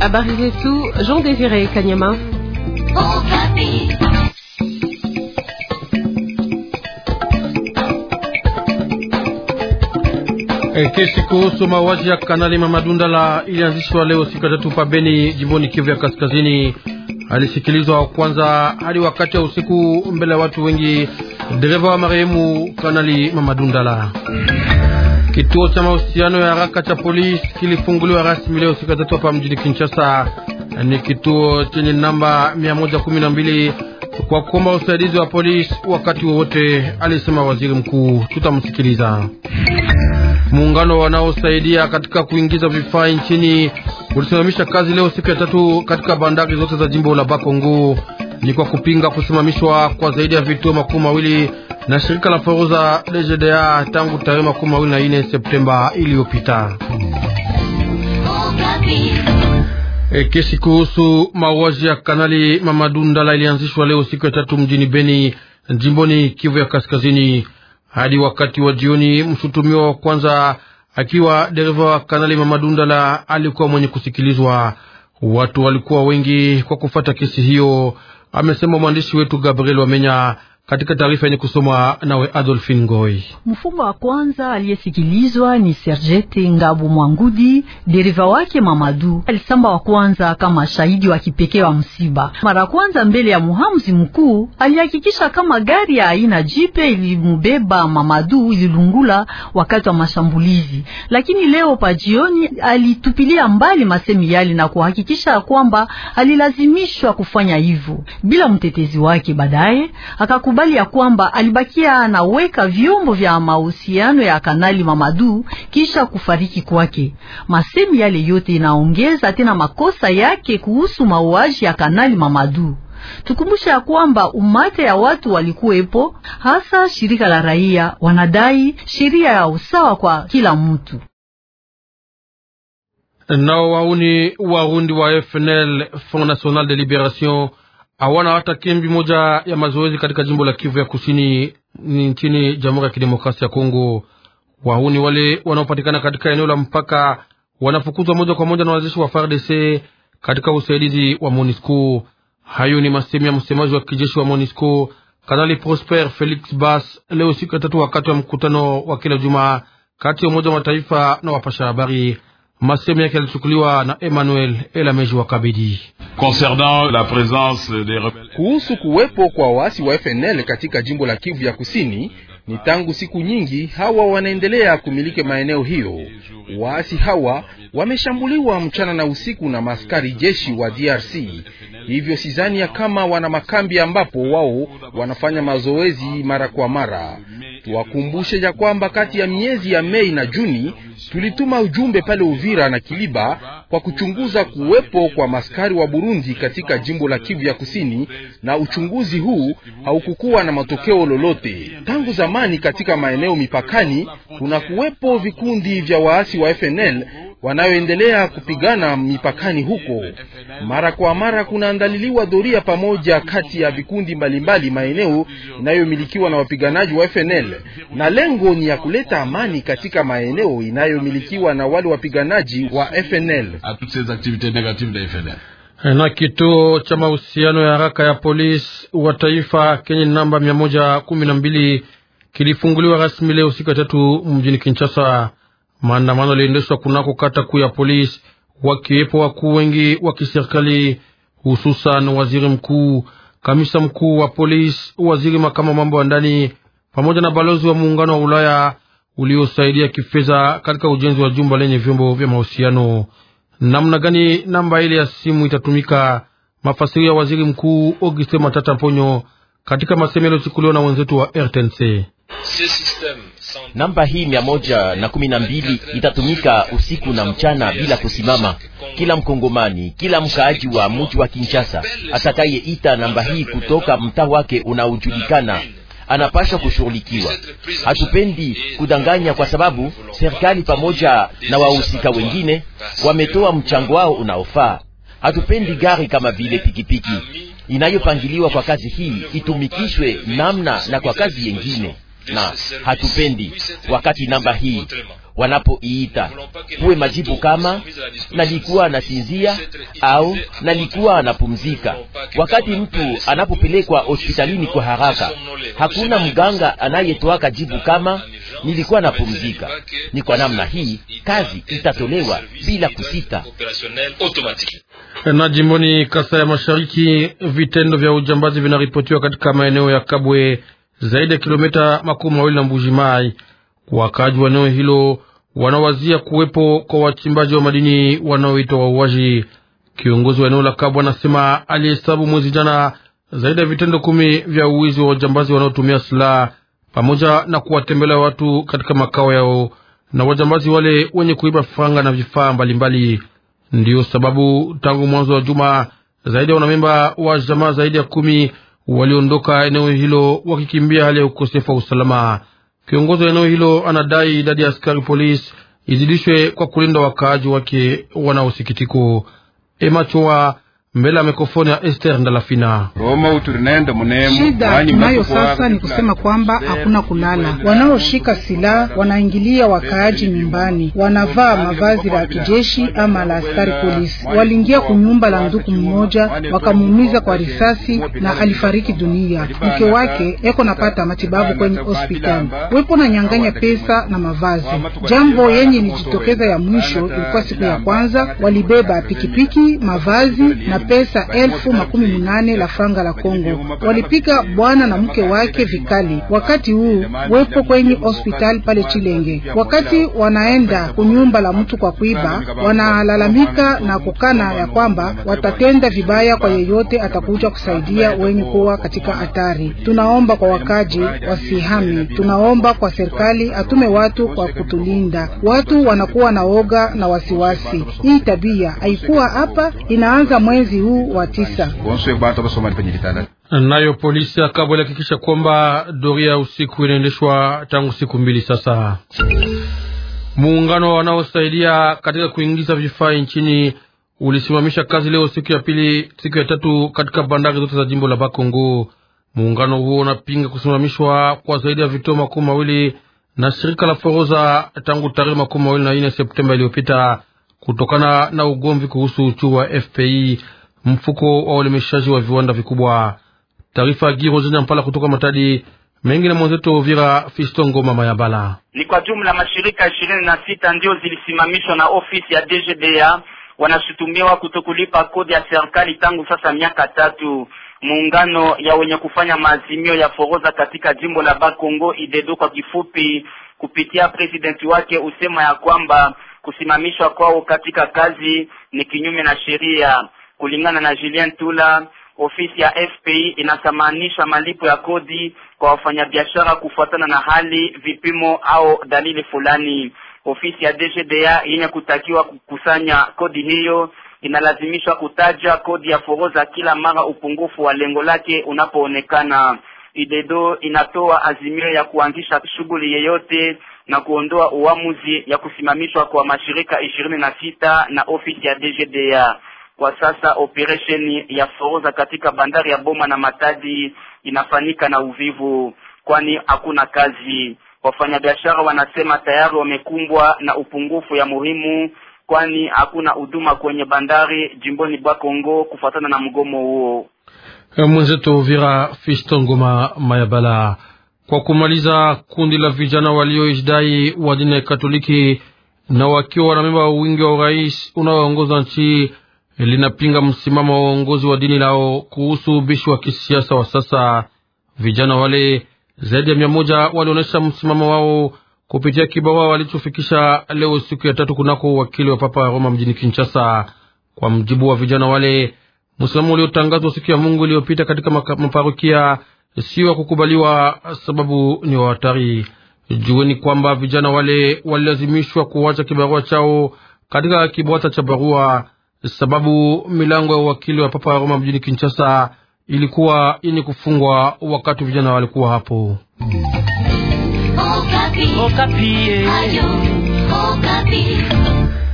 Habari zetu Jean Désiré Kanyama. Eh, kesi kuhusu mauaji ya Kanali Mamadundala ilianzishwa leo siku ya tatu pabeni jimboni Kivu ya Kaskazini. Alisikilizwa wa kwanza hadi wakati wa usiku mbele ya watu wengi, dereva wa marehemu Kanali Mamadundala. Kituo cha mahusiano ya haraka cha polisi kilifunguliwa rasmi leo siku tatu hapa mjini Kinshasa. Ni kituo chenye namba 112 kwa kuomba usaidizi wa polisi wakati wowote, alisema waziri mkuu. Tutamsikiliza. Muungano wanaosaidia katika kuingiza vifaa nchini ulisimamisha kazi leo siku ya tatu katika bandari zote za jimbo la Bakongo ni kwa kupinga kusimamishwa kwa zaidi ya vituo makumi mawili na shirika la foroza DGDA tangu tarehe makumi mawili na nne Septemba iliyopita. E, kesi kuhusu mauaji ya Kanali mamadundala ilianzishwa leo siku ya tatu mjini Beni, jimboni Kivu ya Kaskazini. Hadi wakati wa jioni, mshutumiwa wa kwanza akiwa dereva wa Kanali mamadundala alikuwa mwenye kusikilizwa. Watu walikuwa wengi kwa kufata kesi hiyo amesema mwandishi wetu Gabriel Wamenya katika taarifa yenye kusomwa nawe Adolfin Ngoi. Mfungwa wa kwanza aliyesikilizwa ni Sergete Ngabu Mwangudi, dereva wake Mamadu Alisamba wa kwanza kama shahidi wa kipekee wa msiba. Mara kwanza mbele ya muhamuzi mkuu alihakikisha kama gari ya aina jipe ilimubeba Mamadu ililungula wakati wa mashambulizi, lakini leo pajioni alitupilia mbali masemi yale na kuhakikisha kwamba alilazimishwa kufanya hivyo bila mtetezi wake. Baadaye anakubali ya kwamba alibakia anaweka vyombo vya mahusiano ya Kanali Mamadu kisha kufariki kwake. Masemi yale yote inaongeza tena makosa yake kuhusu mauaji ya Kanali Mamadu. Tukumbusha ya kwamba umate ya watu walikuwepo, hasa shirika la raia, wanadai sheria ya usawa kwa kila mtu. Nao wauni Warundi wa FNL, Front National de Liberation hawana hata kembi moja ya mazoezi katika jimbo la Kivu ya Kusini nchini Jamhuri ya Kidemokrasia ya Kongo. Wahuni wale wanaopatikana katika eneo la mpaka wanafukuzwa moja kwa moja na wanajeshi wa FARDC katika usaidizi wa MONUSCO. Hayo ni masemi ya msemaji wa kijeshi wa MONUSCO Kanali Prosper Felix Bas leo siku ya tatu, wakati wa mkutano wa kila Jumaa kati ya Umoja wa Mataifa na wapasha habari. Masemi yake yalichukuliwa na Emmanuel Elameji wa Kabidi. Kuhusu kuwepo kwa waasi wa FNL katika jimbo la Kivu ya Kusini, ni tangu siku nyingi hawa wanaendelea kumiliki maeneo hiyo. Waasi hawa wameshambuliwa mchana na usiku na maskari jeshi wa DRC, hivyo sidhani ya kama wana makambi ambapo wao wanafanya mazoezi mara kwa mara. Tuwakumbushe ya kwamba kati ya miezi ya Mei na Juni tulituma ujumbe pale Uvira na Kiliba kwa kuchunguza kuwepo kwa maskari wa Burundi katika jimbo la Kivu ya Kusini, na uchunguzi huu haukukuwa na matokeo lolote. Tangu zamani katika maeneo mipakani kuna kuwepo vikundi vya waasi wa FNL wanayoendelea kupigana mipakani huko. Mara kwa mara kunaandaliliwa doria pamoja kati ya vikundi mbalimbali maeneo inayomilikiwa na wapiganaji wa FNL, na lengo ni ya kuleta amani katika maeneo inayomilikiwa na wale wapiganaji wa FNL eh, na kituo cha mahusiano ya haraka ya polisi wa taifa kenye namba mia moja kumi na mbili kilifunguliwa rasmi leo siku ya tatu mjini Kinshasa. Maandamano yaliendeshwa kunako kata kuu ya polisi, wakiwepo wakuu wengi wa kiserikali, hususan waziri mkuu, kamisa mkuu wa polisi, waziri makama mambo ya ndani, pamoja na balozi wa muungano wa Ulaya uliosaidia kifedha katika ujenzi wa jumba lenye vyombo vya mahusiano. Namna gani namba ile ya simu itatumika? Mafasiri ya waziri mkuu Auguste Matata Mponyo katika masemelo chukuliwa na wenzetu wa RTNC. Namba hii mia moja na kumi na mbili itatumika usiku na mchana bila kusimama. Kila Mkongomani, kila mkaaji wa mji wa Kinshasa atakayeita namba hii kutoka mtaa wake unaojulikana anapashwa kushughulikiwa. Hatupendi kudanganya, kwa sababu serikali pamoja na wahusika wengine wametoa mchango wao unaofaa. Hatupendi gari kama vile pikipiki inayopangiliwa kwa kazi hii itumikishwe namna na kwa kazi yengine na hatupendi wakati namba hii wanapoiita kuwe majibu kama nalikuwa anasinzia au nalikuwa anapumzika. Wakati mtu anapopelekwa hospitalini kwa haraka, hakuna mganga anayetoaka jibu ah, kama nilikuwa napumzika. Ni kwa namna hii kazi itatolewa bila kusita. Na jimboni Kasa ya Mashariki, vitendo vya ujambazi vinaripotiwa katika maeneo ya Kabwe zaidi ya kilomita makumi mawili na Mbuji Mai. Wakaji wa eneo hilo wanawazia kuwepo kwa wachimbaji wa madini wanaoitwa wauaji. Kiongozi wa eneo la Kabwa anasema alihesabu mwezi jana zaidi ya vitendo kumi vya uwizi wa wajambazi wanaotumia silaha pamoja na kuwatembelea watu katika makao yao na wajambazi wale wenye kuiba franga na vifaa mbalimbali. Ndiyo sababu tangu mwanzo wa juma zaidi ya wanamemba wa jamaa zaidi ya kumi waliondoka eneo hilo wakikimbia hali ya ukosefu wa usalama. Kiongozi wa eneo hilo anadai idadi ya askari polisi izidishwe kwa kulinda wakaaji wake wanaosikitiko. Emachoa mbele ya mikrofoni ya Esther Ndalafina. Shida tunayo sasa ni kusema kwamba hakuna kulala. Wanaoshika silaha wanaingilia wakaaji nyumbani, wanavaa mavazi la kijeshi ama la askari polisi. Waliingia kunyumba la nduku mmoja wakamuumiza kwa risasi na alifariki dunia. Mke wake eko napata matibabu kwenye hospitali, wepo na nyang'anya pesa na mavazi. Jambo yenye ni jitokeza ya mwisho ilikuwa siku ya kwanza, walibeba pikipiki, mavazi na pesa elfu makumi munane la franga la Kongo. Walipiga bwana na mke wake vikali, wakati huu wepo kwenye hospitali pale Chilenge. Wakati wanaenda kunyumba la mtu kwa kuiba, wanalalamika na kukana ya kwamba watatenda vibaya kwa yeyote atakuja kusaidia wenye kuwa katika hatari. Tunaomba kwa wakaji wasihami tunaomba kwa serikali atume watu kwa kutulinda. Watu wanakuwa na oga na wasiwasi. Hii tabia haikuwa hapa, inaanza mwezi mwezi huu wa tisa. Nayo polisi Kabwe ilihakikisha kwamba doria ya usiku inaendeshwa tangu siku mbili sasa. Muungano wanaosaidia katika kuingiza vifaa nchini ulisimamisha kazi leo siku ya pili, siku ya tatu katika bandari zote za jimbo la Bakongo. Muungano huo unapinga kusimamishwa kwa zaidi ya vituo makumi mawili na shirika la Foroza tangu tarehe makumi mawili na nne Septemba iliyopita kutokana na ugomvi kuhusu uchuu wa FPI mfuko wa ulemeshaji wa viwanda vikubwa. Taarifa ya Mpala kutoka Matadi mengi na mwenzetu Uvira Fistongo mama ya Bala. Ni kwa jumla mashirika ishirini na sita ndio zilisimamishwa na ofisi ya DGDA, wanashutumiwa kutokulipa kodi ya serikali tangu sasa miaka tatu. Muungano ya wenye kufanya maazimio ya foroza katika jimbo la Bakongo idedo kwa kifupi, kupitia presidenti wake usema ya kwamba kusimamishwa kwao katika kazi ni kinyume na sheria. Kulingana na Julien Tula, ofisi ya FPI inasamanisha malipo ya kodi kwa wafanyabiashara kufuatana na hali, vipimo au dalili fulani. Ofisi ya DGDA yenye kutakiwa kukusanya kodi hiyo inalazimishwa kutaja kodi ya foroza kila mara upungufu wa lengo lake unapoonekana. Idedo inatoa azimio ya kuanzisha shughuli yeyote na kuondoa uamuzi ya kusimamishwa kwa mashirika ishirini na sita na ofisi ya DGDA. Kwa sasa operesheni ya forodha katika bandari ya Boma na Matadi inafanyika na uvivu, kwani hakuna kazi. Wafanyabiashara wanasema tayari wamekumbwa na upungufu ya muhimu, kwani hakuna huduma kwenye bandari jimboni bwa Kongo kufuatana na mgomo huo. Eh, mwenzetu Uvira, Fiston Mayabala. Kwa kumaliza, kundi la vijana walioishdai wa dini ya Katoliki na wakiwa wanamemba wingi wa urais unaoongoza nchi linapinga msimamo wa uongozi wa dini lao kuhusu ubishi wa kisiasa wa sasa. Vijana wale zaidi ya mia moja walionyesha msimamo wao kupitia kibarua walichofikisha leo siku ya tatu kunako wakili wa papa wa Roma mjini Kinshasa. Kwa mjibu wa vijana wale, msimamo uliotangazwa siku ya Mungu iliyopita katika maparokia sio wa kukubaliwa, sababu ni wa hatari. Jueni kwamba vijana wale walilazimishwa kuwacha kibarua chao katika kibwata cha barua sababu milango ya uwakili wa Papa wa Roma mjini Kinshasa ilikuwa yenye kufungwa wakati vijana walikuwa hapo. Okapi. Okapi. Eh.